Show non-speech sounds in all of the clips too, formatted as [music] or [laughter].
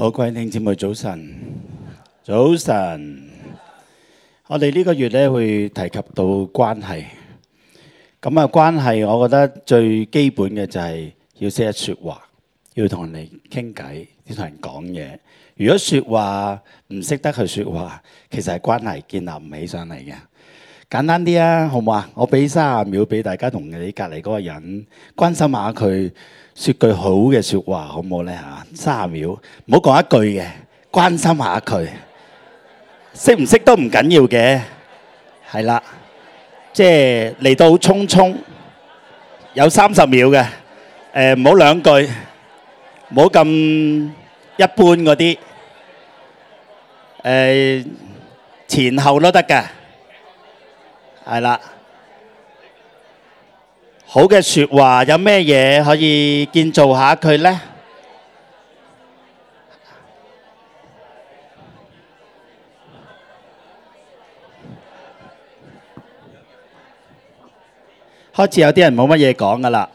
好，各位兄弟姊妹早晨，早晨。我哋呢個月呢會提及到關係，咁啊關係，我覺得最基本嘅就係要識得說話，要同人哋傾偈，要同人講嘢。如果說話唔識得去說話，其實係關係建立唔起上嚟嘅。簡單啲啊，好唔好啊？我俾三十秒俾大家同你隔籬嗰個人關心下佢，說句好嘅說話，好唔好咧吓？三十秒，唔好講一句嘅，關心下佢，識唔識都唔緊要嘅，係啦，即係嚟到匆匆有三十秒嘅，誒唔好兩句，唔好咁一般嗰啲，誒前後都得嘅。係啦，好嘅說話，有咩嘢可以建造下佢咧？開始有啲人冇乜嘢講噶啦，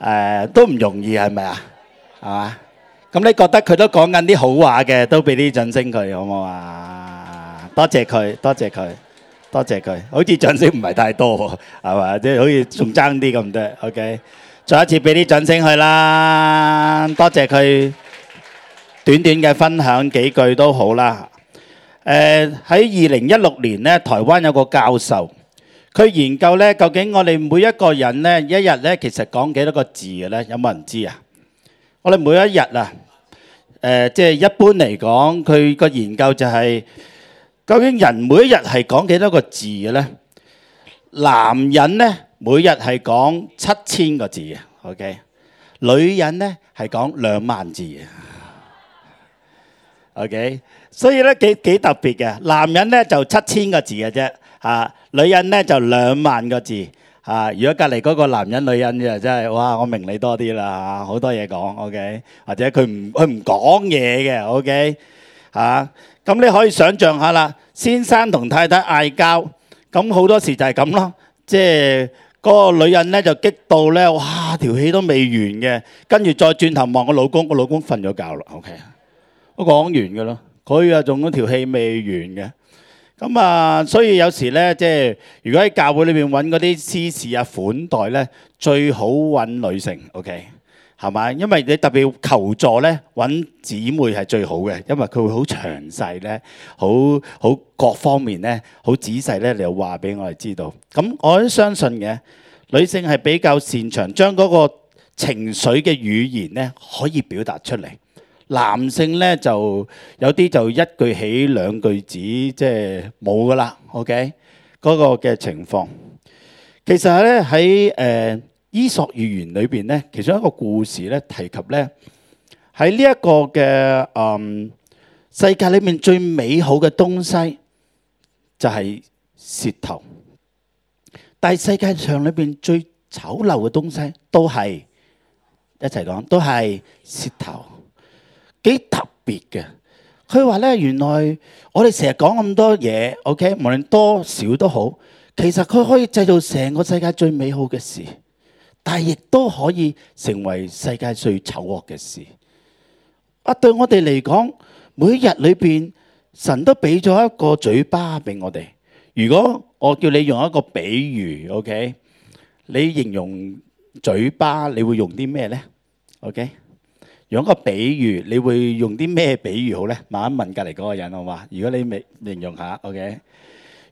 誒，都唔容易係咪啊？係嘛？咁你覺得佢都講緊啲好話嘅，都俾啲掌聲佢好唔好啊？多謝佢，多謝佢。多謝佢，好似掌聲唔係太多喎，係嘛？即係好似仲爭啲咁多。OK，再一次俾啲掌聲去啦。多謝佢短短嘅分享幾句都好啦。誒，喺二零一六年咧，台灣有個教授，佢研究咧，究竟我哋每一個人咧一日咧其實講幾多個字嘅咧？有冇人知啊？我哋每一日啊，誒，即係一般嚟講，佢個研究就係。究竟人每一日係講幾多個字嘅咧？男人咧每日係講七千個字嘅，OK。女人咧係講兩萬字嘅，OK。所以咧幾幾特別嘅，男人咧就七千個字嘅啫，吓。女人咧就兩萬個字，吓。如果隔籬嗰個男人、女人嘅真係哇，我明你多啲啦，吓，好多嘢講，OK。或者佢唔佢唔講嘢嘅，OK。嚇！咁你可以想象下啦，先生同太太嗌交，咁好多時就係咁咯，即係嗰個女人咧就激到咧，哇！條氣都未完嘅，跟住再轉頭望個老公，個老公瞓咗覺啦。OK，我講完㗎喇，佢啊仲嗰條氣未完嘅。咁啊，所以有時咧，即係如果喺教會裏邊揾嗰啲私事啊款待咧，最好揾女性。OK。係嘛？因為你特別求助咧，揾姊妹係最好嘅，因為佢會好詳細咧，好好各方面咧，好仔細咧，你又話俾我哋知道。咁我都相信嘅，女性係比較擅長將嗰個情緒嘅語言咧，可以表達出嚟。男性咧就有啲就一句起兩句止，即係冇㗎啦。OK，嗰個嘅情況。其實咧喺誒。伊索寓言裏面呢，其中一個故事呢，提及呢，喺呢一個嘅，嗯，世界裏面最美好嘅東西，就係舌頭。但係世界上裏面最醜陋嘅東西都係，一齊講都係舌頭，幾特別嘅。佢話呢，原來我哋成日講咁多嘢，OK，無論多少都好，其實佢可以製造成個世界最美好嘅事。但係亦都可以成為世界最醜惡嘅事。啊，對我哋嚟講，每日裏邊，神都俾咗一個嘴巴俾我哋。如果我叫你用一個比喻，OK？你形容嘴巴，你會用啲咩咧？OK？用一個比喻，你會用啲咩比喻好咧？慢慢問隔離嗰個人好嘛？如果你未形容下，OK？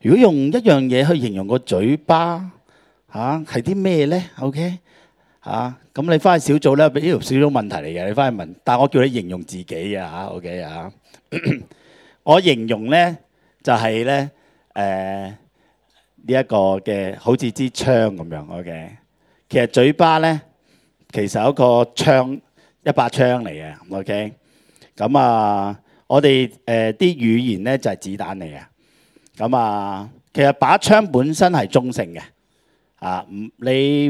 如果用一樣嘢去形容個嘴巴。嚇係啲咩咧？OK 嚇咁你翻去小組咧，呢條小組問題嚟嘅，你翻去問。但係我叫你形容自己嘅嚇，OK 嚇。我形容咧就係咧誒呢一個嘅好似支槍咁樣 OK。其實嘴巴咧其實有一個槍一把槍嚟嘅 OK。咁啊，我哋誒啲語言咧就係子彈嚟嘅。咁啊，其實把槍本身係中性嘅。啊，唔你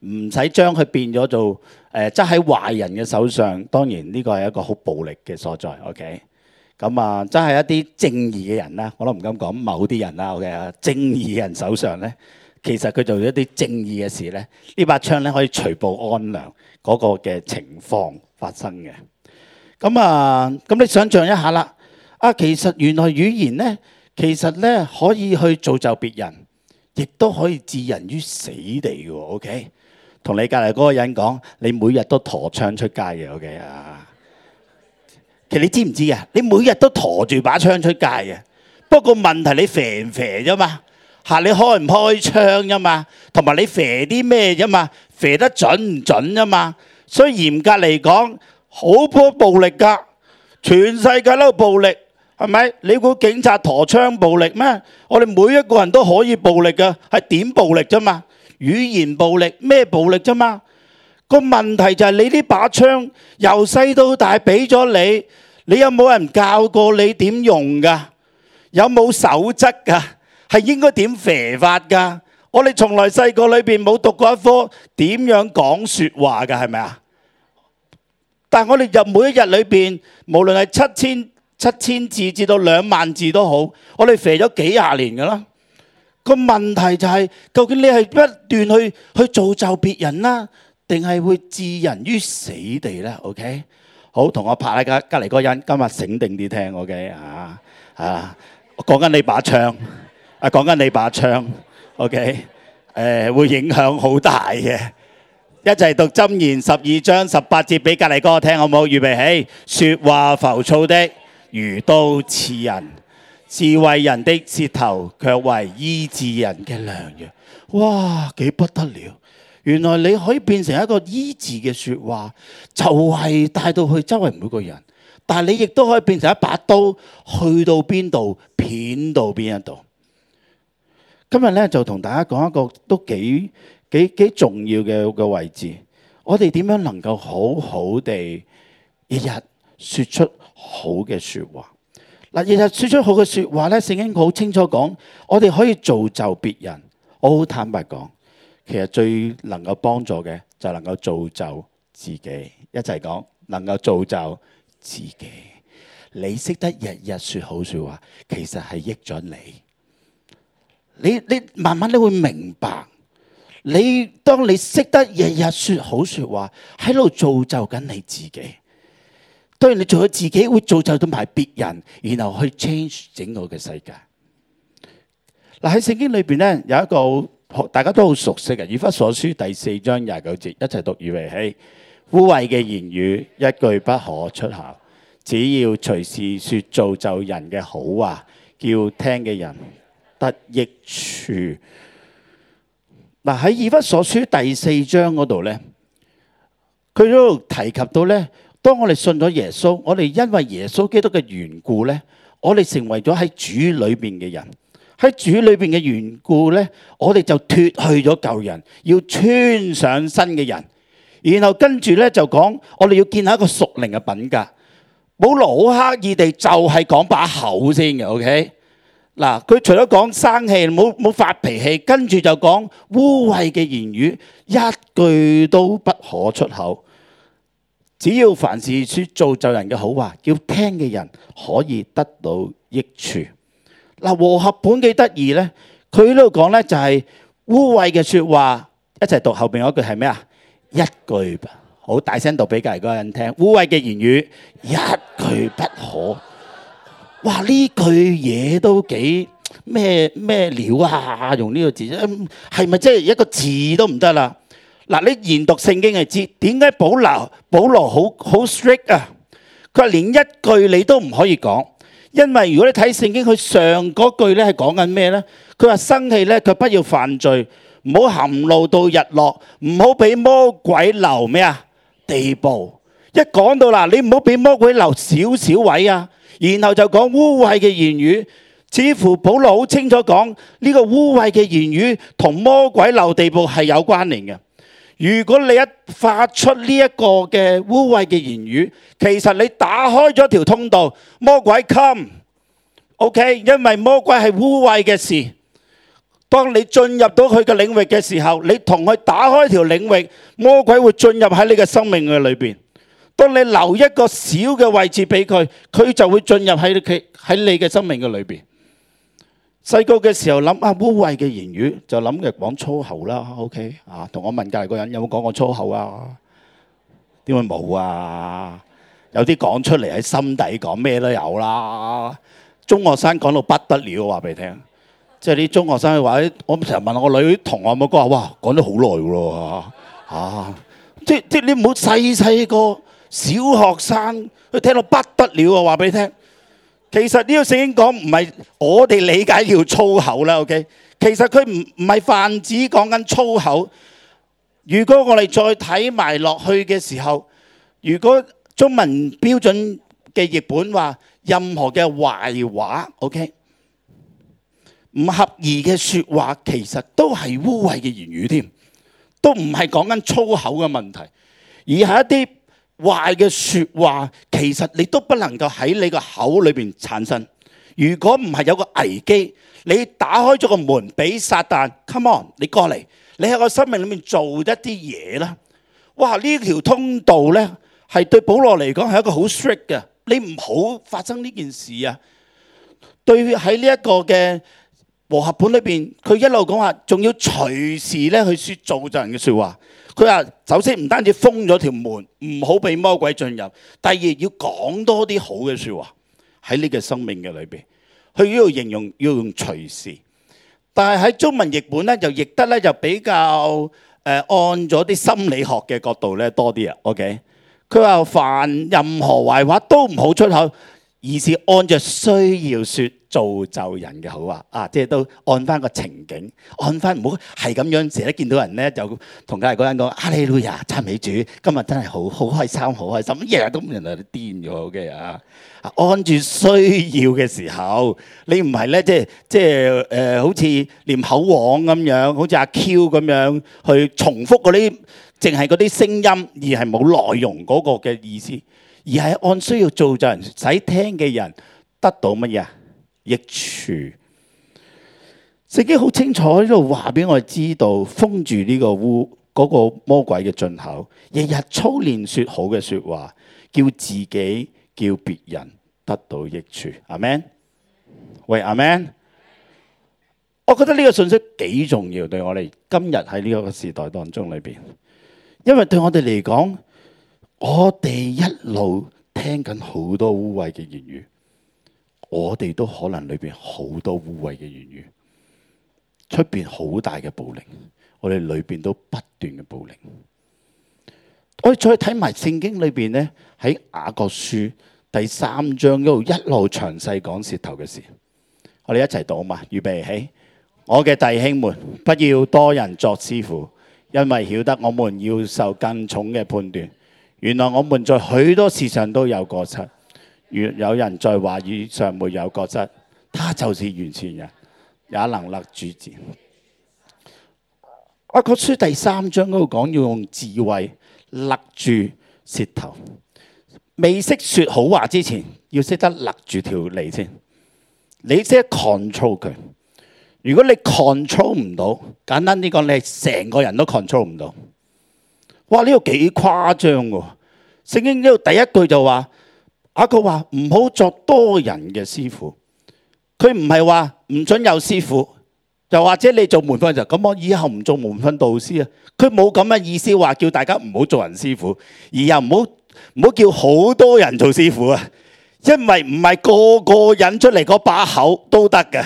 唔使將佢變咗做誒，執喺壞人嘅手上。當然呢個係一個好暴力嘅所在。OK，咁、嗯、啊，真係一啲正義嘅人啦，我都唔敢講某啲人啦。OK，正義嘅人手上咧，其實佢做一啲正義嘅事咧，把槍呢把槍咧可以除暴安良嗰個嘅情況發生嘅。咁、嗯、啊，咁、嗯、你想象一下啦，啊，其實原來語言咧，其實咧可以去造就別人。亦都可以置人於死地嘅喎，OK？同你隔離嗰個人講，你每日都陀槍出街嘅，OK 啊？其實你知唔知啊？你每日都陀住把槍出街嘅，不過問題你射唔射啫嘛？嚇，你開唔開槍啫嘛？同埋你射啲咩啫嘛？射得準唔準啫嘛？所以嚴格嚟講，好波暴力㗎，全世界都暴力。係咪？你估警察陀槍暴力咩？我哋每一個人都可以暴力嘅，係點暴力啫嘛？語言暴力咩？暴力啫嘛？個問題就係、是、你呢把槍由細到大畀咗你，你有冇人教過你點用噶？有冇守則噶？係應該點射法噶？我哋從來細個裏邊冇讀過一科點樣講說話嘅，係咪啊？但係我哋入每一日裏邊，無論係七千。七千字至到兩萬字都好，我哋肥咗幾廿年㗎啦。個問題就係，究竟你係不斷去去造就別人啦，定係會置人於死地呢？OK，好，同我拍下隔隔離嗰人，今日醒定啲聽，OK 啊啊，講緊你把槍啊，講緊你把槍，OK，誒會影響好大嘅。一齊讀《箴言》十二章十八節，俾隔離哥聽，好唔好？預備起，説話浮躁的，如刀刺人，智慧人的舌頭，卻為醫治人嘅良藥。哇，幾不得了！原來你可以變成一個醫治嘅說話，就係、是、帶到去周圍每個人。但係你亦都可以變成一把刀，去到邊度，片到邊一度。今日呢，就同大家講一個都幾幾幾重要嘅個位置。我哋點樣能夠好好地日日說出？好嘅說話，嗱，日日說出好嘅說話咧，聖經好清楚講，我哋可以造就別人。我好坦白講，其實最能夠幫助嘅就能夠造就自己。一齊講，能夠造就自己，你識得日日說好說話，其實係益咗你。你你慢慢都會明白，你當你識得日日說好說話，喺度造就緊你自己。當然，你做咗自己，會造就到埋別人，然後去 change 整個嘅世界。嗱，喺聖經裏邊咧，有一個好大家都好熟悉嘅，以弗所書第四章廿九節，一齊讀以為：，預備起，污穢嘅言語一句不可出口，只要隨時說造就人嘅好話，叫聽嘅人得益處。嗱，喺以弗所書第四章嗰度咧，佢都提及到咧。當我哋信咗耶穌，我哋因為耶穌基督嘅緣故呢，我哋成為咗喺主裏面嘅人。喺主裏面嘅緣故呢，我哋就脫去咗舊人，要穿上新嘅人。然後跟住呢就講，我哋要建立一個屬靈嘅品格。冇老刻意地就係講把口先嘅，OK？嗱，佢除咗講生氣，冇冇發脾氣，跟住就講污穢嘅言語，一句都不可出口。只要凡事說造就人嘅好話，要聽嘅人可以得到益處。嗱，和合本幾得意咧，佢喺度講咧就係污穢嘅說話。一齊讀後邊嗰句係咩啊？一句好大聲讀俾隔籬嗰人聽。污穢嘅言語，一句不可。哇！呢句嘢都幾咩咩料啊？用呢個字，係咪即係一個字都唔得啦？嗱，你研讀聖經就知點解保羅保羅好好 strict 啊！佢話連一句你都唔可以講，因為如果你睇聖經，佢上嗰句咧係講緊咩咧？佢話生氣咧，佢不要犯罪，唔好含怒到日落，唔好俾魔鬼留咩啊地步。一講到嗱，你唔好俾魔鬼留少少位啊。然後就講污穢嘅言語，似乎保羅好清楚講呢個污穢嘅言語同魔鬼留地步係有關聯嘅。如果你一發出呢一個嘅污穢嘅言語，其實你打開咗條通道，魔鬼 come，OK，因為魔鬼係污穢嘅事。當你進入到佢嘅領域嘅時候，你同佢打開條領域，魔鬼會進入喺你嘅生命嘅裏邊。當你留一個小嘅位置俾佢，佢就會進入喺佢喺你嘅生命嘅裏邊。細個嘅時候諗啊，污穢嘅言語，就諗嘅講粗口啦。OK，啊，同我問隔籬個人有冇講過粗口啊？點會冇啊？有啲講出嚟喺心底講咩都有啦，啊。中學生講、啊、到不得了，話俾你聽。即係啲中學生嘅話，我成日問我女同學冇講話，哇，講咗好耐噶咯。啊，即即你唔好細細個小學生佢聽到不得了啊，話俾你聽。其實呢個聖經講唔係我哋理解叫粗口啦，OK？其實佢唔唔係泛指講緊粗口。如果我哋再睇埋落去嘅時候，如果中文標準嘅譯本話任何嘅壞話，OK？唔合意嘅説話，其實都係污穢嘅言語，添都唔係講緊粗口嘅問題，而係一啲。壞嘅説話，其實你都不能夠喺你個口裏邊產生。如果唔係有個危機，你打開咗個門俾撒旦，come on，你過嚟，你喺我生命裏面做一啲嘢啦。哇！呢條通道呢係對保羅嚟講係一個好 strict 嘅，你唔好發生呢件事啊。對喺呢一個嘅和合本裏邊，佢一路講話，仲要隨時咧去説造就人嘅説話。佢話：首先唔單止封咗條門，唔好俾魔鬼進入；第二要講多啲好嘅説話喺呢個生命嘅裏邊。佢呢度形容要用隨時，但係喺中文譯本咧就譯得咧就比較誒按咗啲心理學嘅角度咧多啲啊。OK，佢話：凡任何壞話都唔好出口，而是按著需要説。造就人嘅好話！啊，即係都按翻個情景，按翻唔好係咁樣，成日都見到人咧就同隔籬嗰陣講啊！你老爺啊，讚美主今日真係好好開心，好開心，一日都唔人哋癲咗嘅啊！按住需要嘅時候，你唔係咧，即係即係誒、呃，好似念口簧咁樣，好似阿 Q 咁樣去重複嗰啲，淨係嗰啲聲音而係冇內容嗰個嘅意思，而係按需要造就人，使聽嘅人得到乜嘢？益處，聖經好清楚喺度話俾我哋知道，封住呢個污、嗰個魔鬼嘅進口，日日操練說好嘅說話，叫自己叫別人得到益處。阿門。喂，阿門。我覺得呢個信息幾重要，對我哋今日喺呢個時代當中裏邊，因為對我哋嚟講，我哋一路聽緊好多污穢嘅言語。我哋都可能裏面好多污穢嘅言語，出邊好大嘅暴力，我哋裏面都不斷嘅暴力。我哋再睇埋聖經裏面呢，喺雅各書第三章嗰度一路詳細講舌頭嘅事。我哋一齊讀嘛，預備起。我嘅弟兄們，不要多人作師傅，因為曉得我們要受更重嘅判斷。原來我們在許多事上都有過失。若有人在話語上沒有過失，「他就是完全人，也能勒住自己。」雅各書第三章嗰度講，要用智慧勒住舌頭。未識說好話之前，要識得勒住條脷先。你識得 control 佢。如果你 control 唔到，簡單啲講，你成個人都 control 唔到。哇！呢個幾誇張噶。聖經呢度第一句就話。啊！佢話唔好作多人嘅師傅，佢唔係話唔准有師傅，又或者你做門訓就咁，我以後唔做門訓導師啊！佢冇咁嘅意思，話叫大家唔好做人師傅，而又唔好唔好叫好多人做師傅啊！因為唔係個個引出嚟嗰把口都得㗎。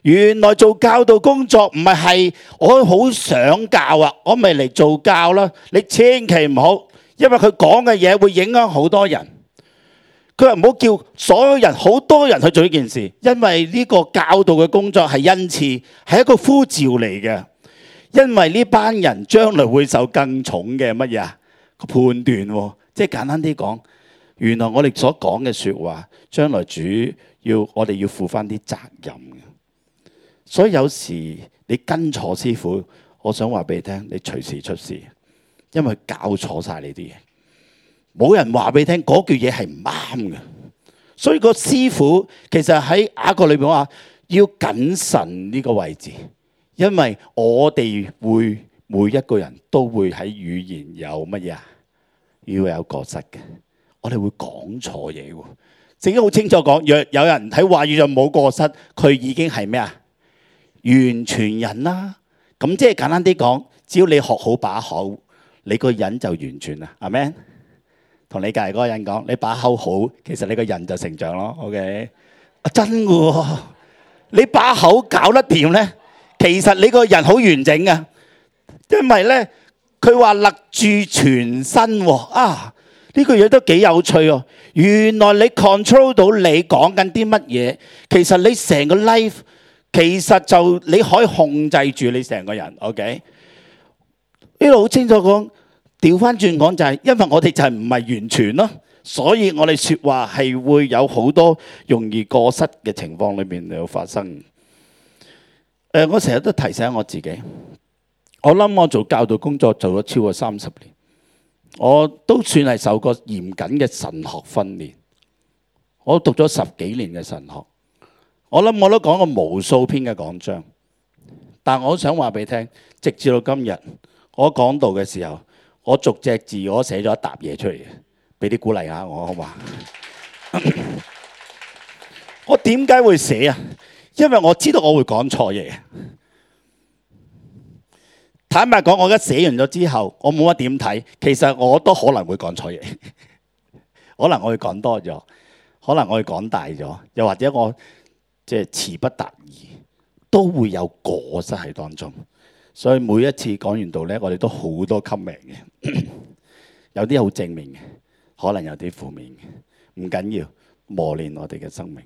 原來做教導工作唔係係我好想教啊，我咪嚟做教啦。你千祈唔好，因為佢講嘅嘢會影響好多人。佢話唔好叫所有人、好多人去做呢件事，因為呢個教導嘅工作係恩賜，係一個呼召嚟嘅。因為呢班人將來會受更重嘅乜嘢？個判斷、哦，即係簡單啲講，原來我哋所講嘅說話將來主要我哋要負翻啲責任嘅。所以有時你跟錯師傅，我想話俾你聽，你隨時出事，因為搞錯晒你啲嘢。冇人話俾你聽嗰句嘢係唔啱嘅，所以個師傅其實喺雅各裏邊話要謹慎呢個位置，因為我哋會每一個人都會喺語言有乜嘢啊？要有過失嘅，我哋會講錯嘢喎。聖經好清楚講，若有人喺話語上冇過失，佢已經係咩啊？完全人啦。咁即係簡單啲講，只要你學好把口，你個人就完全啦。係咪？同你隔籬嗰個人講，你把口好，其實你個人就成長咯。OK？啊，真噶喎，你把口搞得掂呢？其實你個人好完整噶。因為呢，佢話勒住全身喎，啊呢句嘢都幾有趣喎。原來你 control 到你講緊啲乜嘢，其實你成個 life 其實就你可以控制住你成個人。OK，呢度好清楚講。掉返轉講就係，因為我哋就係唔係完全咯，所以我哋説話係會有好多容易過失嘅情況裏面有發生。誒，我成日都提醒我自己，我諗我做教導工作做咗超過三十年，我都算係受過嚴謹嘅神學訓練。我讀咗十幾年嘅神學，我諗我都講過無數篇嘅講章，但我想話俾你聽，直至到今日我講道嘅時候。我逐隻字我寫咗一疊嘢出嚟，俾啲鼓勵下我好嘛？ [laughs] 我點解會寫啊？因為我知道我會講錯嘢。坦白講，我而家寫完咗之後，我冇乜點睇。其實我都可能會講錯嘢，可能我會講多咗，可能我會講大咗，又或者我即係詞不達意，都會有過失喺當中。所以每一次講完道呢，我哋都好多 comment 命嘅，有啲好正面嘅，可能有啲負面嘅，唔緊要，磨練我哋嘅生命。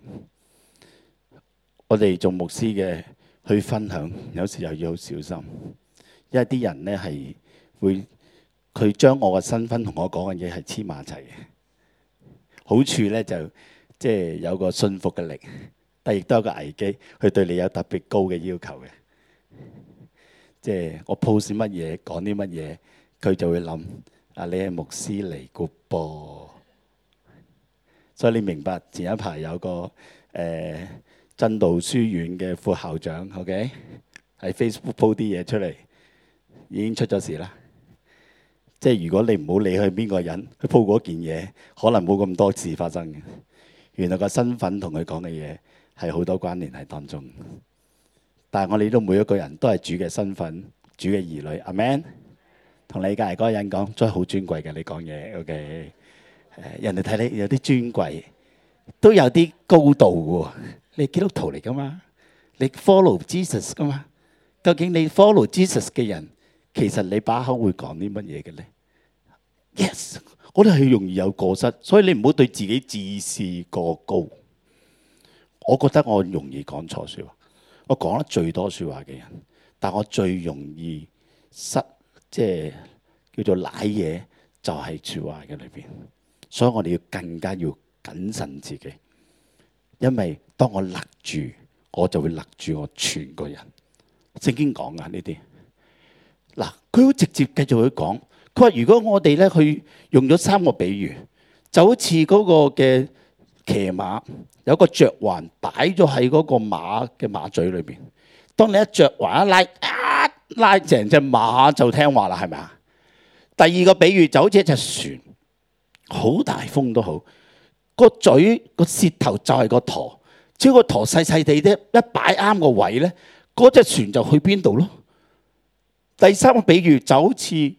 我哋做牧師嘅去分享，有時候又要好小心，因為啲人呢係會佢將我嘅身份同我講嘅嘢係黐埋一齊嘅。好處呢就即、係、係有個信服嘅力，但亦都有個危機，佢對你有特別高嘅要求嘅。即係我 post 乜嘢講啲乜嘢，佢就會諗啊你係牧師嚟嘅噃，所以你明白前一排有一個誒、呃、真道書院嘅副校長，OK 喺 Facebook post 啲嘢出嚟，已經出咗事啦。即係如果你唔好理佢邊個人去 post 嗰件嘢，可能冇咁多事發生嘅。原來個身份同佢講嘅嘢係好多關聯喺當中。但係我哋都每一個人都係主嘅身份，主嘅兒女，Amen。同你隔籬嗰個人講，真係好尊貴嘅，你講嘢，OK。誒，人哋睇你有啲尊貴，都有啲高度嘅。你基督徒嚟噶嘛？你 follow Jesus 噶嘛？究竟你 follow Jesus 嘅人，其實你把口會講啲乜嘢嘅呢？Yes，我哋係容易有過失，所以你唔好對自己自視過高。我覺得我容易講錯說話。我講得最多説話嘅人，但我最容易失，即係叫做賴嘢，就係、是、説話嘅裏邊，所以我哋要更加要謹慎自己，因為當我勒住，我就會勒住我全個人。聖經講噶呢啲，嗱，佢好直接繼續去講，佢話如果我哋咧去用咗三個比喻，就好似嗰個嘅。騎馬有個着環，擺咗喺嗰個馬嘅馬嘴裏邊。當你一着環一拉，一、啊、拉成隻馬就聽話啦，係咪啊？第二個比喻就好似一隻船，好大風都好，個嘴個舌頭就係個舵。只要個舵細細地咧，一擺啱個位咧，嗰隻船就去邊度咯。第三個比喻就好似一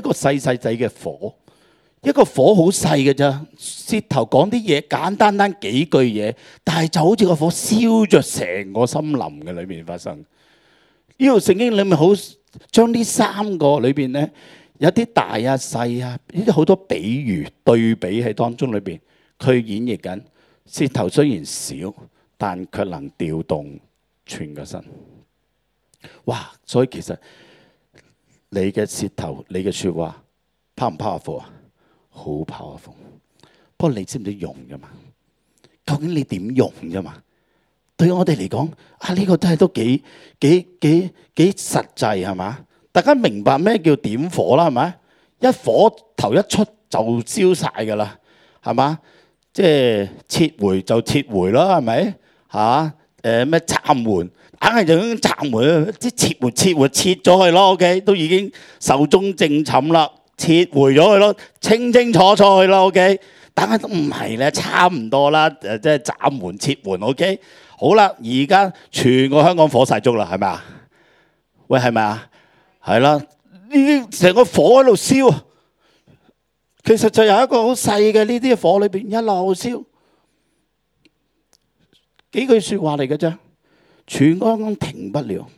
個細細仔嘅火。一個火好細嘅啫，舌頭講啲嘢，簡單單幾句嘢，但係就好似個火燒着成個森林嘅裏面發生。呢度聖經裏面好將呢三個裏邊咧，有啲大啊細啊，呢啲好多比喻對比喺當中裏邊，佢演繹緊舌頭雖然少，但卻能調動全個身。哇！所以其實你嘅舌頭，你嘅說話，power 唔 powerful 啊？好跑啊風，不過你知唔知用㗎嘛？究竟你點用㗎嘛？對我哋嚟講，啊呢、呢個真係都幾幾幾幾實際係嘛？大家明白咩叫點火啦係咪？一火頭一出就燒晒㗎啦，係嘛？即係撤回就撤回啦，係咪？吓、啊？誒咩拆門，硬係就咁拆門，即係撤回撤回撤咗去咯。O、okay? K，都已經壽終正寢啦。撤回咗佢咯，清清楚楚佢咯，OK。等下都唔係咧，差唔多啦，誒即係暫緩撤緩，OK。好啦，而家全個香港火晒足啦，係咪啊？喂，係咪啊？係啦，呢啲成個火喺度燒，其實就有一個好細嘅呢啲火裏邊一路燒，幾句説話嚟嘅啫，全個香港停不了，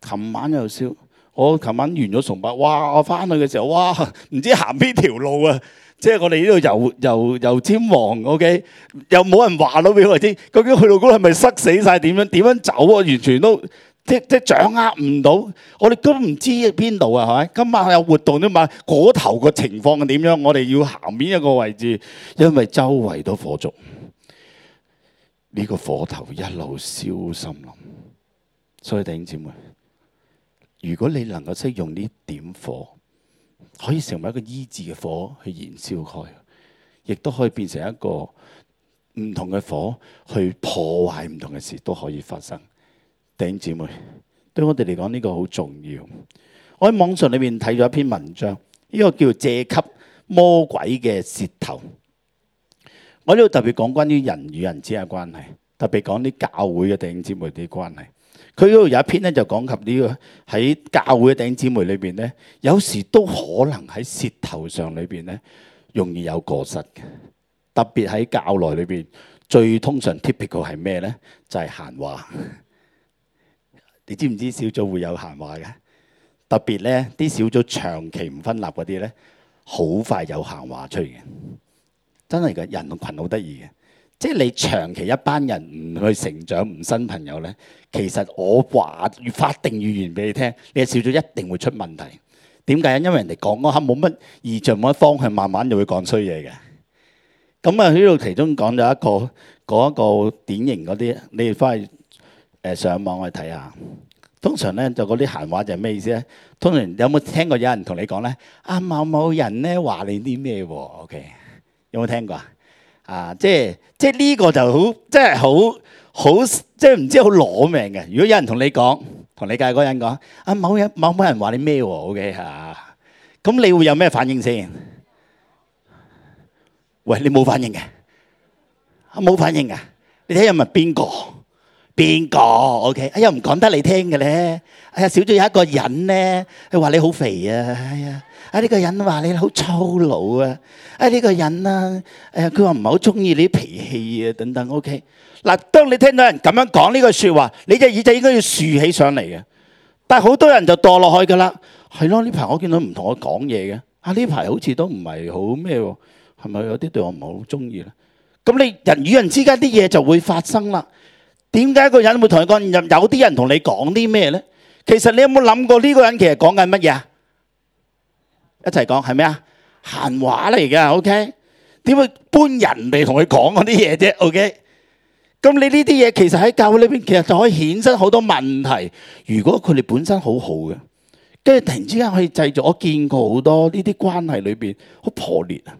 琴晚又燒。我琴晚完咗崇拜，哇！我翻去嘅時候，哇！唔知行邊條路啊，即係我哋呢度又又又尖旺，OK，又冇人話到俾我知，究竟去到度係咪塞死晒，點樣點樣走啊？完全都即即掌握唔到，我哋都唔知邊度啊，係咪？今晚有活動啲嘛？嗰頭嘅情況係點樣？我哋要行邊一個位置？因為周圍都火燭，呢個火頭一路燒森林，所以弟兄姐妹，如果你能夠識用呢點火，可以成為一個醫治嘅火去燃燒開，亦都可以變成一個唔同嘅火去破壞唔同嘅事都可以發生。弟兄姊妹，對我哋嚟講呢個好重要。我喺網上裏面睇咗一篇文章，呢、這個叫借給魔鬼嘅舌頭。我呢度特別講關於人與人之間嘅關係，特別講啲教會嘅弟兄姊妹啲關係。佢嗰度有一篇咧、這個，就講及呢個喺教會嘅弟兄姊妹裏邊咧，有時都可能喺舌頭上裏邊咧，容易有過失嘅。特別喺教內裏邊，最通常 typical 係咩咧？就係、是、閒話。 [laughs] 你知唔知小組會有閒話嘅？特別咧，啲小組長期唔分立嗰啲咧，好快有閒話出嚟嘅。真係嘅，人群好得意嘅。即係你長期一班人唔去成長唔新朋友咧，其實我話預發定預言俾你聽，你係少咗一定會出問題。點解啊？因為人哋講嗰刻冇乜意象，冇乜方向，慢慢就會講衰嘢嘅。咁啊，呢度其中講咗一個嗰一個典型嗰啲，你哋翻去誒上網去睇下。通常咧就嗰啲閒話就係咩意思咧？通常有冇聽過有人同你講咧？啊，某某人咧話你啲咩喎？OK，有冇聽過啊？啊！即係即係呢個就好，即係好好即係唔知好攞命嘅。如果有人同你講，同你隔籬嗰人講啊，某人某某人話你咩喎？OK 嚇，咁、啊、你會有咩反應先？喂，你冇反應嘅，冇、啊、反應嘅，你睇下係咪邊個？邊個？OK，哎呀，唔講得你聽嘅咧。哎呀，少咗有一個人咧，佢話你好肥啊。哎呀，啊呢個人話你好粗魯啊。啊呢個人啦，誒，佢話唔係好中意你啲脾氣啊，等等。OK，嗱，當你聽到人咁樣講呢個說話，你隻耳仔應該要豎起上嚟，嘅，但係好多人就墮落去噶啦。係咯，呢排我見到唔同我講嘢嘅，啊呢排好似都唔係好咩，係咪有啲對我唔係好中意咧？咁你人與人之間啲嘢就會發生啦。點解個人會同你講？有啲人同你講啲咩咧？其實你有冇諗過呢個人其實講緊乜嘢？一齊講係咩？啊？閒話嚟噶，OK？點會搬人嚟同佢講嗰啲嘢啫？OK？咁你呢啲嘢其實喺教會裏邊，其實就可以衍生好多問題。如果佢哋本身好好嘅，跟住突然之間可以製造，我見過好多呢啲關係裏邊好破裂啊！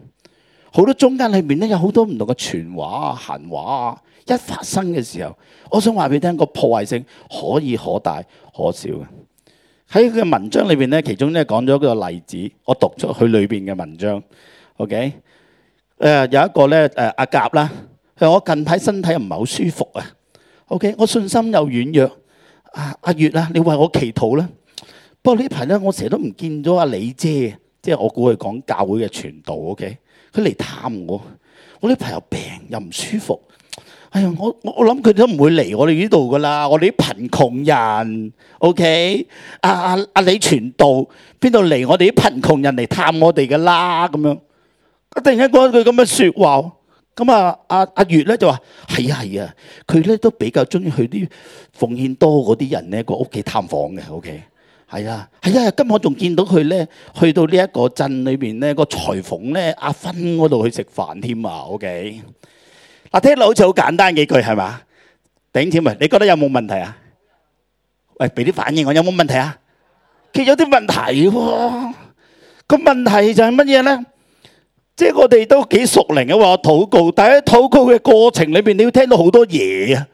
好多中間裏面咧，有好多唔同嘅傳話啊、閒話啊。一發生嘅時候，我想話俾你聽，個破壞性可以可大可小嘅。喺佢嘅文章裏邊咧，其中咧講咗一個例子。我讀出佢裏邊嘅文章，OK？誒、呃、有一個咧誒、呃、阿甲啦，我近排身體又唔係好舒服啊。OK，我信心又軟弱。阿、啊、阿月啦、啊，你為我祈禱啦。不過呢排咧，我成日都唔見咗阿李姐，即、就、係、是、我估佢講教會嘅傳道。OK，佢嚟探我，我呢排又病又唔舒服。哎呀，我我諗佢都唔會嚟我哋呢度噶啦，我哋啲貧窮人，OK？阿阿阿李傳道邊度嚟，我哋啲貧窮人嚟探我哋噶啦咁樣。突然間講一句咁嘅説話，咁啊阿阿月咧就話：係啊係啊，佢、啊、咧、啊啊、都比較中意去啲奉獻多嗰啲人咧個屋企探訪嘅，OK？係啊係啊，今日我仲見到佢咧去到呢一個鎮裏邊咧個裁縫咧阿芬嗰度去食飯添啊，OK？嗱，聽落好似好簡單幾句係嘛，頂添喎？你覺得有冇問題啊？喂，俾啲反應我，有冇問題啊？其實有啲問題喎，個問題就係乜嘢咧？即係我哋都幾熟靈嘅話，禱告，但係喺禱告嘅過程裏邊，你要聽到好多嘢啊！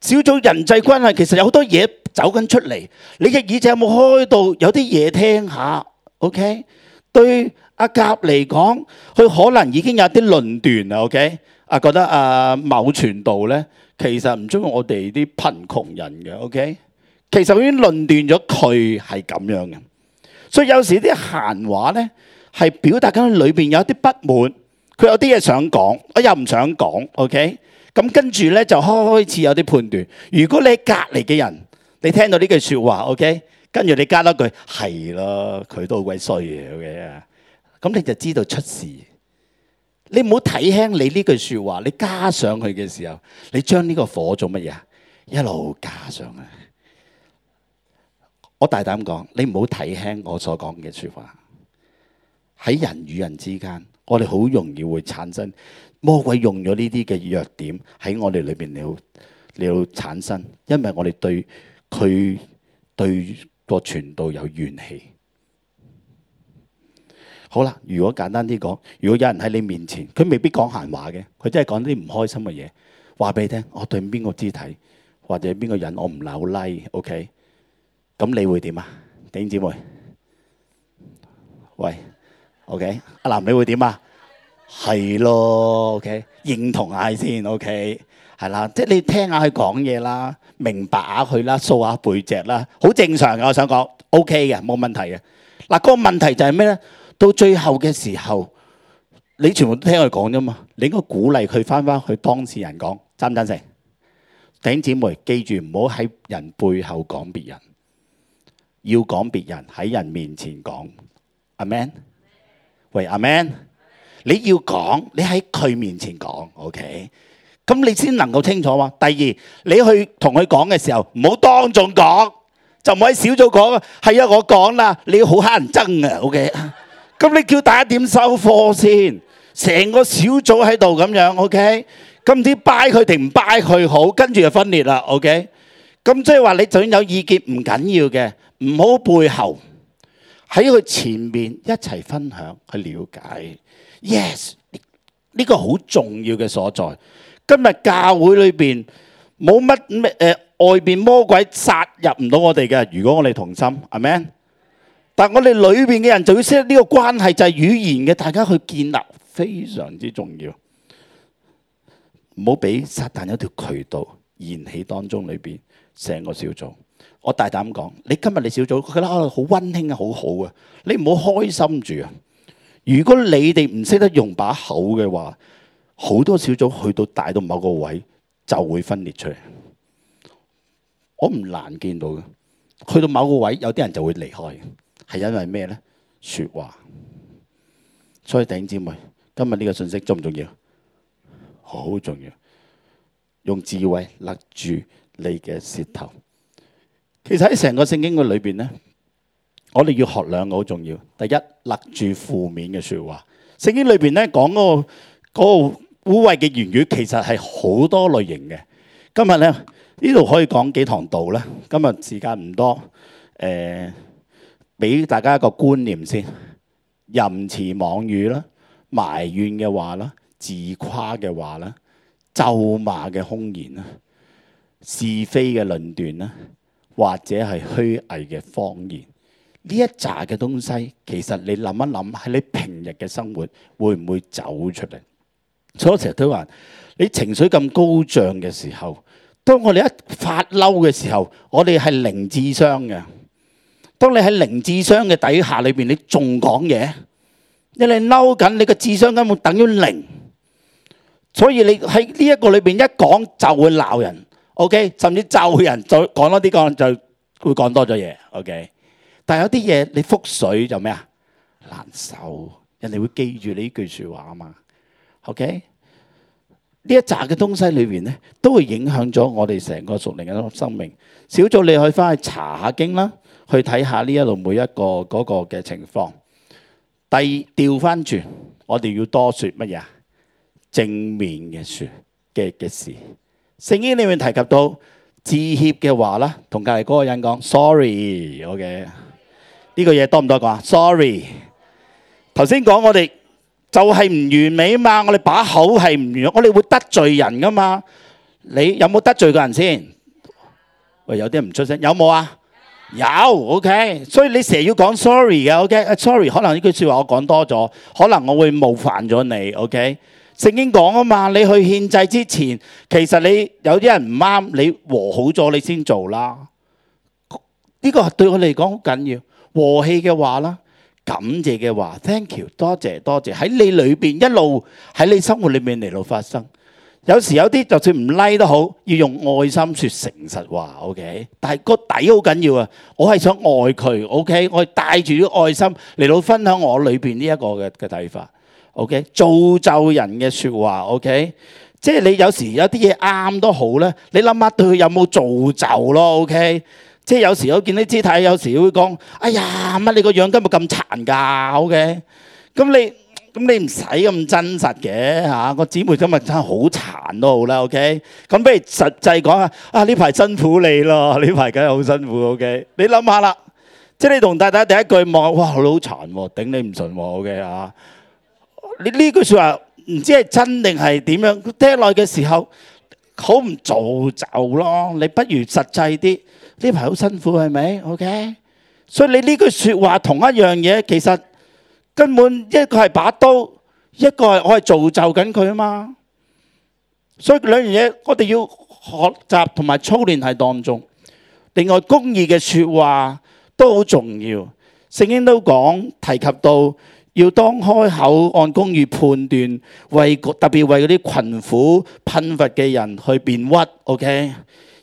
小組人際關係其實有好多嘢走緊出嚟，你嘅耳仔有冇開到？有啲嘢聽下，OK？對。阿甲嚟講，佢可能已經有啲論斷啦。OK，啊覺得啊某傳道咧，其實唔中意我哋啲貧窮人嘅。OK，其實已經論斷咗佢係咁樣嘅。所以有時啲閒話咧，係表達緊裏邊有啲不滿，佢有啲嘢想講，我又唔想講。OK，咁跟住咧就開始有啲判斷。如果你係隔離嘅人，你聽到呢句説話，OK，跟住你加多句係咯，佢都好鬼衰嘅。咁你就知道出事，你唔好睇輕你呢句說話，你加上去嘅時候，你將呢個火做乜嘢啊？一路加上去，我大膽講，你唔好睇輕我所講嘅說話。喺人與人之間，我哋好容易會產生，魔鬼用咗呢啲嘅弱點喺我哋裏邊，你要產生，因為我哋對佢對個傳道有怨氣。好啦，如果簡單啲講，如果有人喺你面前，佢未必講閒話嘅，佢真係講啲唔開心嘅嘢話俾你聽。我對邊個肢體或者邊個人，我唔扭 like，OK。咁你會點啊，頂姊妹？喂，OK，阿男你會點啊？係咯，OK，認同下先，OK，係啦，即係你聽下佢講嘢啦，明白下佢啦，掃下背脊啦，好正常嘅。我想講 OK 嘅，冇問題嘅。嗱，個問題就係咩咧？到最後嘅時候，你全部都聽佢講啫嘛。你應該鼓勵佢翻翻去當事人講，贊唔贊成？弟兄姊妹記住唔好喺人背後講別人，要講別人喺人面前講。阿 men，喂阿 men，你要講你喺佢面前講，OK？咁你先能夠清楚嘛。第二，你去同佢講嘅時候，唔好當眾講，就唔好喺小組講。係啊，我講啦，你好乞人憎啊，OK？咁你叫大家點收貨先？成個小組喺度咁樣，OK？咁唔知掰佢定唔掰佢好？跟住就分裂啦，OK？咁即係話你總有意見唔緊要嘅，唔好背後，喺佢前面一齊分享去了解。Yes，呢個好重要嘅所在。今日教會裏邊冇乜咩，誒，外邊魔鬼殺入唔到我哋嘅，如果我哋同心，係咪？但我哋裏邊嘅人就要識得呢個關係就係語言嘅，大家去建立非常之重要。唔好俾撒旦有條渠道，燃起當中裏邊成個小組。我大膽講，你今日你小組覺得好溫馨啊，好好啊，你唔好開心住啊。如果你哋唔識得用把口嘅話，好多小組去到大到某個位就會分裂出嚟。我唔難見到嘅，去到某個位有啲人就會離開係因為咩呢？說話，所以弟兄姊妹，今日呢個信息重唔重要？好重要，用智慧勒住你嘅舌頭。其實喺成個聖經嘅裏邊咧，我哋要學兩個好重要。第一，勒住負面嘅說話。聖經裏邊呢講嗰個嗰、嗰個污穢嘅言語，其實係好多類型嘅。今日呢，呢度可以講幾堂道呢？今日時間唔多，誒、呃。俾大家一個觀念先，淫詞妄語啦，埋怨嘅話啦，自誇嘅話啦，咒罵嘅空言啦，是非嘅論斷啦，或者係虛偽嘅謊言，呢一紮嘅東西，其實你諗一諗，喺你平日嘅生活會唔會走出嚟？所以我成日都話，你情緒咁高漲嘅時候，當我哋一發嬲嘅時候，我哋係零智商嘅。當你喺零智商嘅底下裏邊，你仲講嘢，因為你係嬲緊，你個智商根本等於零，所以你喺呢一個裏邊一講就會鬧人。O K，甚至咒人，再講多啲講就會講多咗嘢。O K，但係有啲嘢你覆水就咩啊？難收，人哋會記住你呢句說話啊嘛。O K，呢一扎嘅東西裏邊咧，都會影響咗我哋成個屬靈嘅生命小組。你可以翻去查下經啦。去睇下呢一路每一個嗰個嘅情況。第二調翻轉，我哋要多説乜嘢啊？正面嘅説嘅嘅事。聖經裡面提及到致歉嘅話啦，同隔離嗰個人講 sorry，OK。呢個嘢多唔多講啊？Sorry。頭先講我哋就係唔完美啊嘛，我哋把口係唔完美，我哋會得罪人噶嘛。你有冇得罪過人先？喂，有啲人唔出聲，有冇啊？有，OK，所以你成日要講 sorry 嘅，OK，sorry，可能呢句說話我講多咗，可能我會冒犯咗你 OK。聖經講啊嘛，你去獻祭之前，其實你有啲人唔啱，你和好咗你先做啦。呢個對我嚟講好緊要，和氣嘅話啦，感謝嘅話，Thank you，多謝多謝喺你裏邊一路喺你生活裏面嚟到發生。有時有啲就算唔 like 都好，要用愛心説誠實話，OK？但係個底好緊要啊！我係想愛佢，OK？我係帶住啲愛心嚟到分享我裏邊呢一個嘅嘅睇法，OK？造就人嘅説話，OK？即係你有時有啲嘢啱都好咧，你諗下對佢有冇造就咯，OK？即係有時我見啲肢體，有時會講：「哎呀，乜你個樣今日咁殘㗎？OK？咁你。咁你唔使咁真實嘅嚇，個姊妹今日真係好殘都好啦，OK。咁不如實際講下啊，啊呢排辛苦你咯，呢排梗係好辛苦，OK。你諗下啦，即係你同太太第一句望，哇好殘喎，頂你唔順喎，OK 嚇。你呢句説話唔知係真定係點樣？聽落嘅時候，好唔做就咯。你不如實際啲，呢排好辛苦係咪？OK。所以你呢句説話同一樣嘢其實。根本一個係把刀，一個係我係造就緊佢啊嘛！所以兩樣嘢，我哋要學習同埋操練係當中。另外公義嘅說話都好重要，聖經都講提及到要當開口按公義判斷，為特別為嗰啲貧苦噴罰嘅人去辯屈。OK，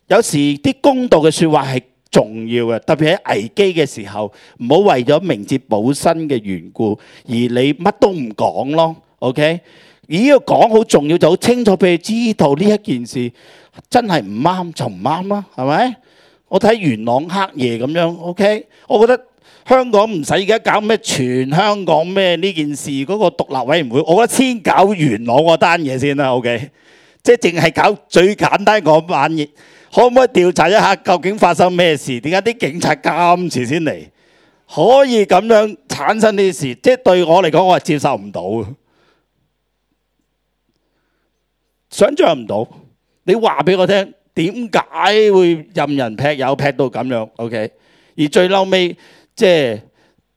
有時啲公道嘅說話係。重要嘅，特別喺危機嘅時候，唔好為咗明哲保身嘅緣故而你乜都唔講咯，OK？你要講好重要就好清楚俾佢知道呢一件事真係唔啱就唔啱啦，係咪？我睇元朗黑夜咁樣，OK？我覺得香港唔使而家搞咩全香港咩呢件事嗰個獨立委員會，我覺得先搞元朗嗰單嘢先啦，OK？即係淨係搞最簡單嗰版嘢。可唔可以調查一下究竟發生咩事？點解啲警察咁遲先嚟？可以咁樣產生啲事，即係對我嚟講，我係接受唔到嘅，想像唔到。你話俾我聽，點解會任人劈友劈到咁樣？OK。而最嬲尾，即係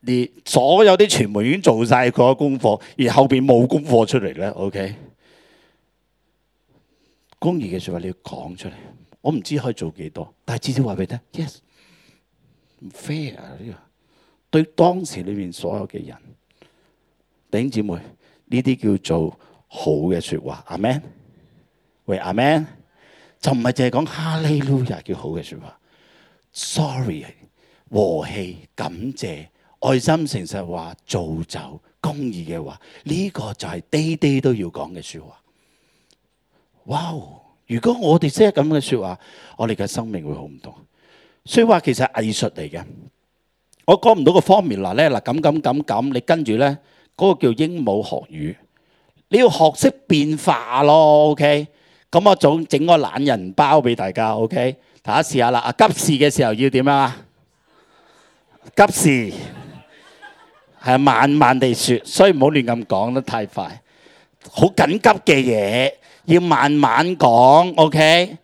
連所有啲傳媒已經做晒佢嘅功課，而後邊冇功課出嚟咧。OK。公義嘅説話你要講出嚟。我唔知可以做幾多，但係至少話俾你聽，yes，唔 fair 呢個對當時裏面所有嘅人，弟兄姊妹，呢啲叫做好嘅説話，阿 men，喂阿 men，就唔係淨係講哈利路亞叫好嘅説話，sorry，和氣、感謝、愛心、誠實話、造就、公義嘅話，呢個就係日日都要講嘅説話，哇！如果我哋即係咁嘅説話，我哋嘅生命會好唔同。所以話其實係藝術嚟嘅，我講唔到個方面。嗱咧，嗱咁咁咁咁，你跟住咧，嗰個叫鸚鵡學語，你要學識變化咯。OK，咁我總整個懶人包俾大家。OK，大家試下啦。啊，急事嘅時候要點樣啊？急事係慢慢地説，所以唔好亂咁講得太快。好緊急嘅嘢。要慢慢講，OK？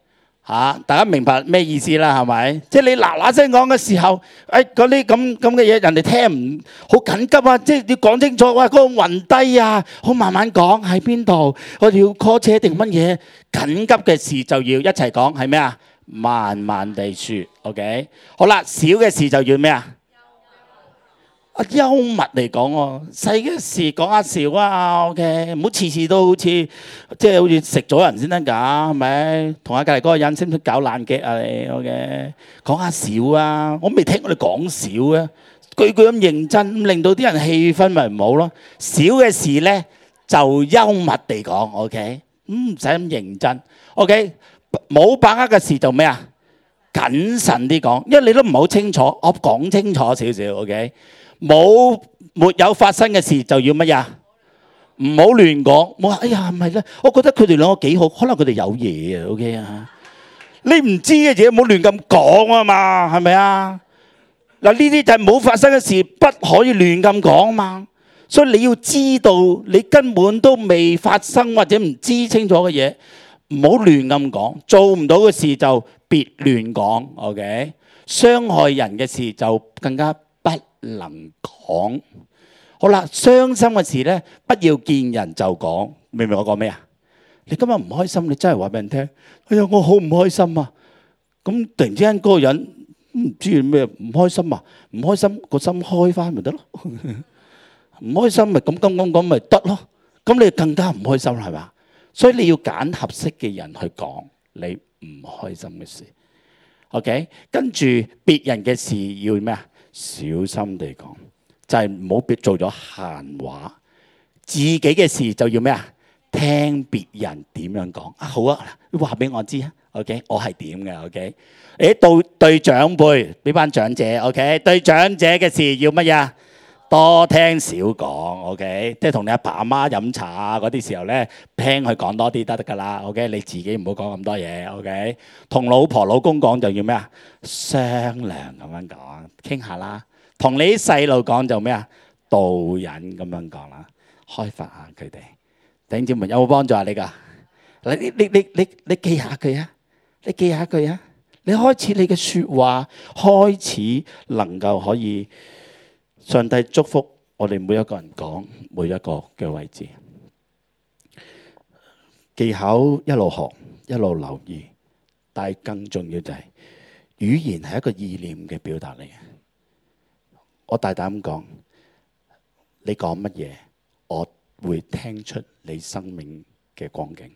啊，大家明白咩意思啦？係咪？即係你嗱嗱聲講嘅時候，誒嗰啲咁咁嘅嘢，人哋聽唔好緊急啊！即係要講清楚，哇！嗰、嗰個暈低啊，好慢慢講喺邊度？我哋要 call 車定乜嘢？緊急嘅事就要一齊講，係咩啊？慢慢地説，OK。好啦，小嘅事就要咩啊？啊，幽默嚟講喎，細嘅事講下笑啊。O K，唔好次次都好似即係好似食咗人先得㗎，係咪？同阿隔離嗰個人先唔使搞爛腳啊。O K，講下笑啊。我未聽過你講笑啊，句句咁認真，令到啲人氣氛咪唔好咯。少嘅事咧就幽默地講。O K，嗯，唔使咁認真。O K，冇把握嘅事做咩啊？謹慎啲講，因為你都唔係好清楚，我講清楚少少。O K。冇沒有發生嘅事就要乜嘢？唔好亂講。我話：哎呀，係咪呢，我覺得佢哋兩個幾好，可能佢哋有嘢啊。OK 啊，你唔知嘅嘢唔好亂咁講啊嘛，係咪啊？嗱，呢啲就係冇發生嘅事，不可以亂咁講啊嘛。所以你要知道，你根本都未發生或者唔知清楚嘅嘢，唔好亂咁講。做唔到嘅事就別亂講。OK，傷害人嘅事就更加。能講好啦。傷心嘅事呢，不要見人就講，明唔明我講咩呀？ [laughs] 小心地講，多聽少講，OK，即係同你阿爸阿媽飲茶啊嗰啲時候咧，聽佢講多啲得得噶啦，OK，你自己唔好講咁多嘢，OK，同老婆老公講就要咩啊？商量咁樣講，傾下啦。同你啲細路講就咩啊？導引咁樣講啦，開發下佢哋。弟兄們有冇幫助下你噶，你你你你你,你記下佢啊，你記下佢啊，你開始你嘅說話開始能夠可以。上帝祝福我哋每一個人講每一個嘅位置，技巧一路學一路留意，但更重要就係語言係一個意念嘅表達嚟嘅。我大膽咁講，你講乜嘢，我會聽出你生命嘅光景。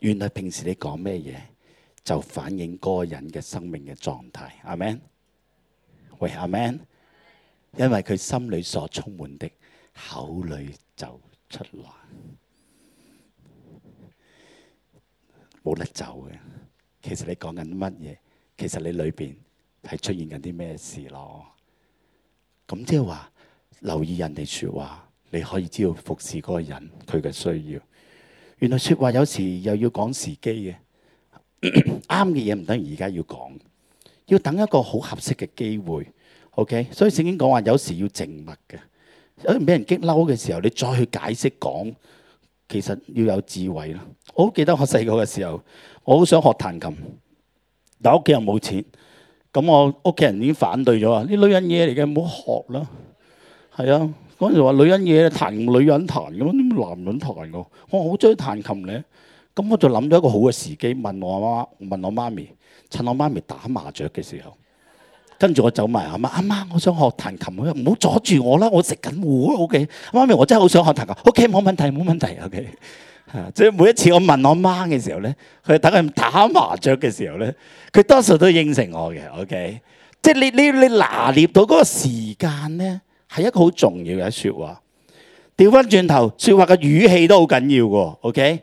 原來平時你講咩嘢，就反映個人嘅生命嘅狀態。阿們，喂，阿們。因為佢心裏所充滿的口裏就出來，冇得走嘅。其實你講緊乜嘢？其實你裏邊係出現緊啲咩事咯？咁即係話留意人哋說話，你可以知道服侍嗰個人佢嘅需要。原來說話有時又要講時機嘅，啱嘅嘢唔等於而家要講，要等一個好合適嘅機會。O.K. 所以聖經講話有時要靜默嘅，有陣俾人激嬲嘅時候，你再去解釋講，其實要有智慧咯。我好記得我細個嘅時候，我好想學彈琴，但係屋企又冇錢，咁我屋企人已經反對咗啊！啲女人嘢嚟嘅，唔好學啦。係啊，嗰陣時話女人嘢彈，女人彈嘅咯，啲男人彈嘅。我好中意彈琴咧，咁我就諗咗一個好嘅時機，問我阿媽，問我媽咪，趁我媽咪打麻雀嘅時候。跟住我走埋阿媽，阿媽，我想學彈琴，我唔好阻住我啦，我食緊糊，O K。媽咪，我真係好想學彈琴，O K，冇問題，冇問題，O K。嚇，即係每一次我問我媽嘅時候咧，佢等佢打麻雀嘅時候咧，佢多數都應承我嘅，O K。即係你你你拿捏到嗰個時間咧，係一個好重要嘅説話。調翻轉頭，説話嘅語氣都好緊要嘅，O K。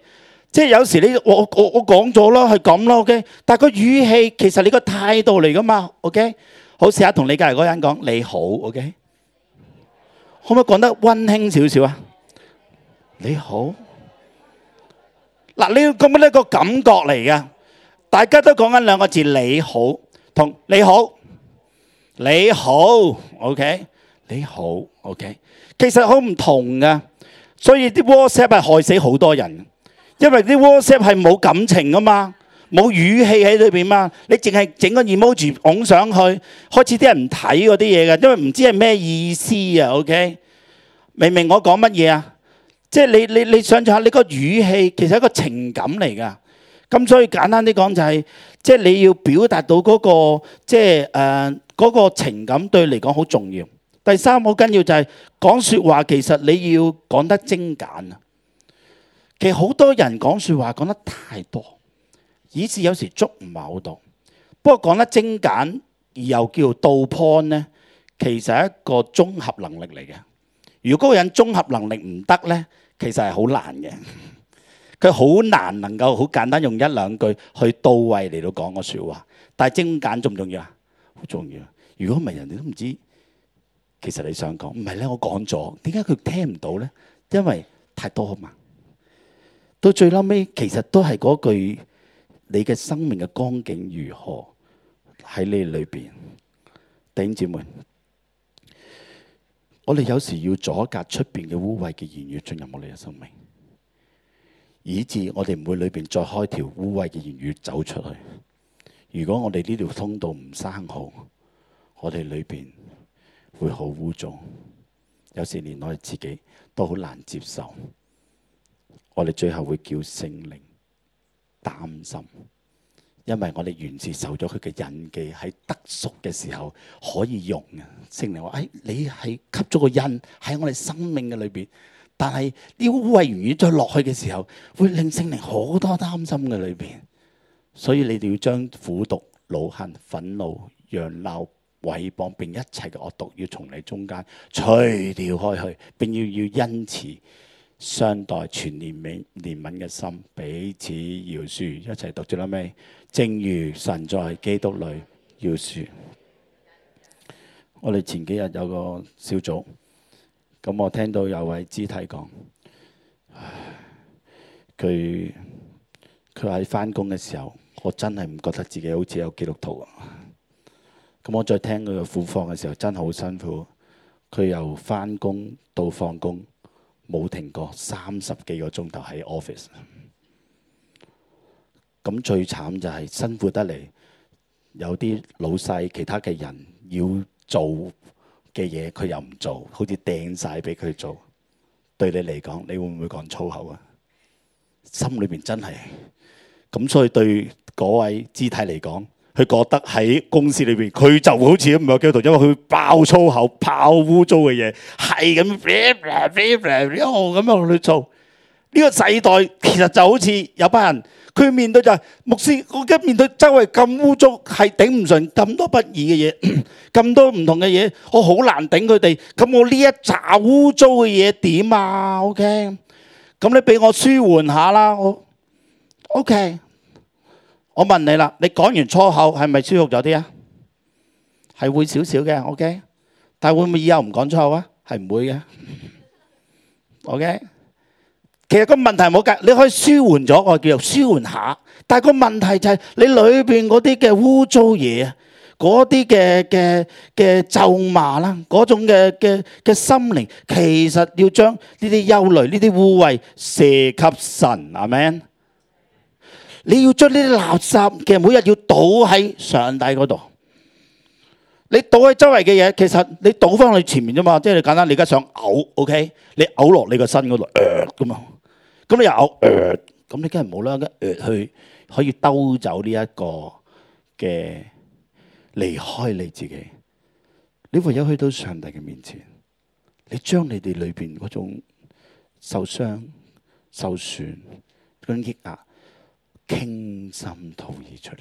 即係有時你我我我講咗囉，係咁囉，O K。但係個語氣其實你個態度嚟噶嘛，O K。好，試下同你隔離嗰人講你好，OK？可唔可以講得温馨少少啊？你好，嗱，你覺唔覺得個感覺嚟噶？大家都講緊兩個字你好，同你好，你好，OK？你好，OK？其實好唔同噶，所以啲 WhatsApp 係害死好多人，因為啲 WhatsApp 係冇感情噶嘛。冇語氣喺裏邊嘛？你淨係整個 emoji 掹上去，開始啲人唔睇嗰啲嘢嘅，因為唔知係咩意思啊。OK，明唔明我講乜嘢啊？即係你你你想像下，你個語氣其實係一個情感嚟㗎。咁所以簡單啲講就係，即係你要表達到嗰個即係誒嗰個情感對嚟講好重要。第三好緊要就係講説話，其實你要講得精簡啊。其實好多人講説話講得太多。以至有時捉唔係好到，不過講得精簡而又叫做到 point 咧，其實係一個綜合能力嚟嘅。如果個人綜合能力唔得咧，其實係好難嘅。佢好難能夠好簡單用一兩句去到位嚟到講個説話，但係精簡重唔重要啊？好重要。如果唔係，人哋都唔知其實你想講唔係咧。我講咗點解佢聽唔到咧？因為太多啊嘛。到最撚尾，其實都係嗰句。你嘅生命嘅光景如何喺你裏邊，弟兄姊妹，我哋有時要阻隔出邊嘅污穢嘅言語進入我哋嘅生命，以致我哋唔會裏邊再開條污穢嘅言語走出去。如果我哋呢條通道唔生好，我哋裏邊會好污糟。有時連我哋自己都好難接受。我哋最後會叫聖靈擔心，因為我哋原自受咗佢嘅印記，喺得贖嘅時候可以用啊。聖靈話：，哎，你係吸咗個印喺我哋生命嘅裏邊，但係呢啲污穢言語再落去嘅時候，會令聖靈好多擔心嘅裏邊。所以你哋要將苦毒、惱恨、憤怒、嚷鬧、毀謗並一切嘅惡毒，要從你中間除掉開去，並要要恩慈。」相待存憐憫嘅心，彼此饒恕，一齊讀最後尾。正如神在基督裏饒恕。 [noise] 我哋前幾日有個小組，咁我聽到有位肢體講，佢佢喺翻工嘅時候，我真係唔覺得自己好似有基督徒啊。咁我再聽佢嘅苦況嘅時候，真係好辛苦。佢由翻工到放工。冇停過三十幾個鐘頭喺 office，咁最慘就係辛苦得嚟，有啲老細其他嘅人要做嘅嘢佢又唔做，好似掟晒俾佢做。對你嚟講，你會唔會講粗口啊？心裏面真係咁，所以對嗰位肢體嚟講。佢覺得喺公司裏邊，佢就好似唔係基督徒，因為佢爆粗口、爆污糟嘅嘢，係咁咁樣去做。呢個世代其實就好似有班人，佢面對就係牧師，我而家面對周圍咁污糟，係頂唔順咁多不義嘅嘢，咁多唔同嘅嘢，我好難頂佢哋。咁我呢一紮污糟嘅嘢點啊？OK。咁你俾我舒緩下啦，我 OK。我問你啦，你講完粗口係咪舒服咗啲啊？係會少少嘅，OK。但係會唔會以後唔講粗口啊？係唔會嘅，OK。其實個問題冇計，你可以舒緩咗，我叫做舒緩下。但係個問題就係你裏邊嗰啲嘅污糟嘢啊，嗰啲嘅嘅嘅咒罵啦，嗰種嘅嘅嘅心靈，其實要將呢啲憂慮、呢啲污穢射給神，阿門。你要將呢啲垃圾，其實每日要倒喺上帝嗰度，你倒喺周圍嘅嘢，其實你倒翻去前面啫嘛。即係簡單，你而家想嘔，OK？你嘔落你個身嗰度，咁啊，咁你又嘔，咁你梗係唔好啦，去可以兜走呢一個嘅離開你自己。你唯有去到上帝嘅面前，你將你哋裏邊嗰種受傷、受損、嗰種抑壓，傾心吐而出嚟，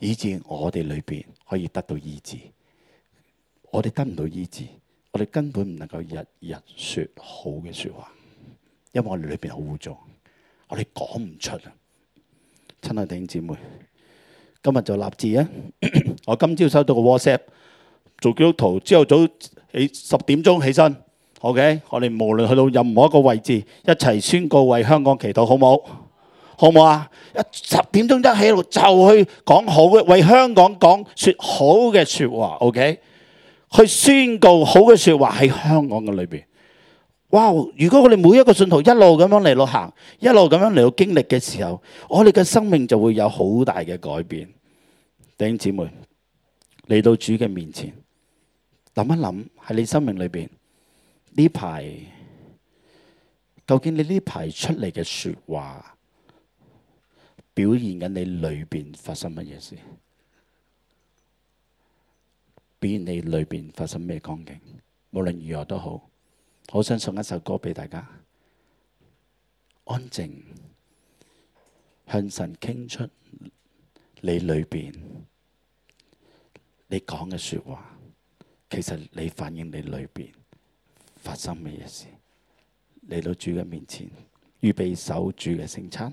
以致我哋裏邊可以得到醫治。我哋得唔到醫治，我哋根本唔能夠日日說好嘅說話，因為我哋裏邊好污糟。我哋講唔出啊！親愛弟兄姊妹，今日就立志啊！我今朝收到個 WhatsApp，做基督徒朝後早起十點鐘起身，OK。我哋無論去到任何一個位置，一齊宣告為香港祈禱，好冇？好唔好啊？一十點鐘一喺度就去講好嘅，為香港講說好嘅說話。OK，去宣告好嘅說話喺香港嘅裏邊。哇！如果我哋每一個信徒一路咁樣嚟到行，一路咁樣嚟到經歷嘅時候，我哋嘅生命就會有好大嘅改變。弟兄姐妹，嚟到主嘅面前，諗一諗喺你生命裏邊。呢排究竟你呢排出嚟嘅說話？表現緊你裏邊發生乜嘢事，表現你裏邊發生咩光景，無論如何都好，好想送一首歌俾大家，安靜，向神傾出你裏邊你講嘅說話，其實你反映你裏邊發生乜嘢事，嚟到主嘅面前，預備守主嘅聖餐。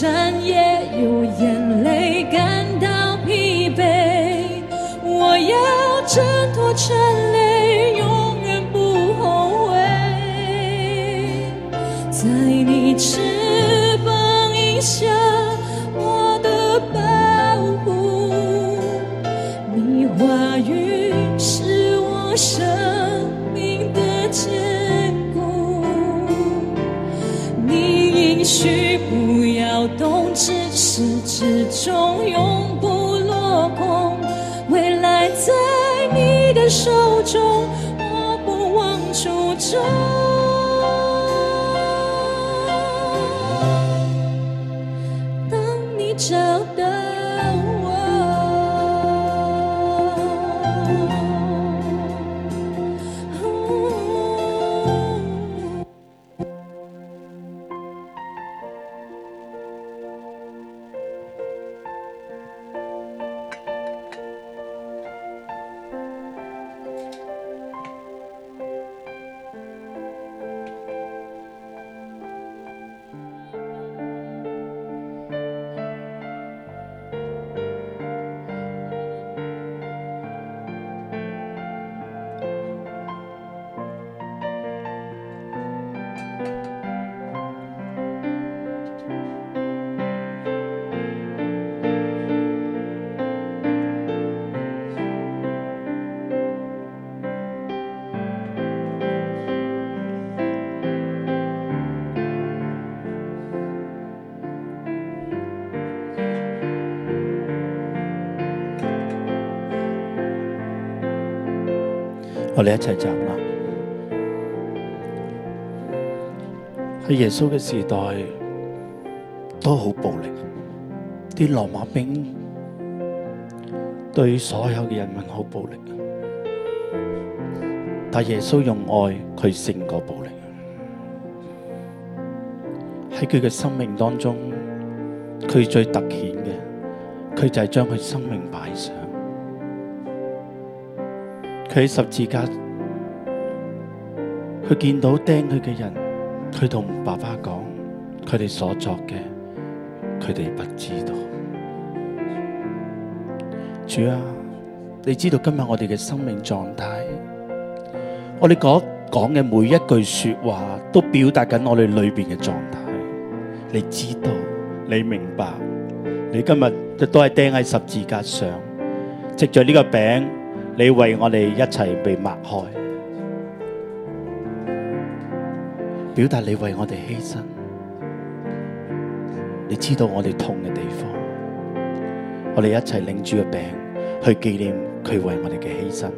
深夜有眼淚感到疲憊，我要掙脫沉淪。終永不落空，未來在你的手中，我不忘初衷。我哋一齊站啦！喺耶穌嘅時代，都好暴力，啲羅馬兵對所有嘅人民好暴力。但耶穌用愛，佢勝過暴力。喺佢嘅生命當中，佢最突顯嘅，佢就係將佢生命擺上。佢喺十字架，佢見到釘佢嘅人，佢同爸爸講：佢哋所作嘅，佢哋不知道。主啊，你知道今日我哋嘅生命狀態，我哋講講嘅每一句說話，都表達緊我哋裏面嘅狀態。你知道，你明白，你今日都係釘喺十字架上，藉着呢個餅。你為我哋一齊被抹開，表達你為我哋犧牲。你知道我哋痛嘅地方，我哋一齊領住個餅，去紀念佢為我哋嘅犧牲。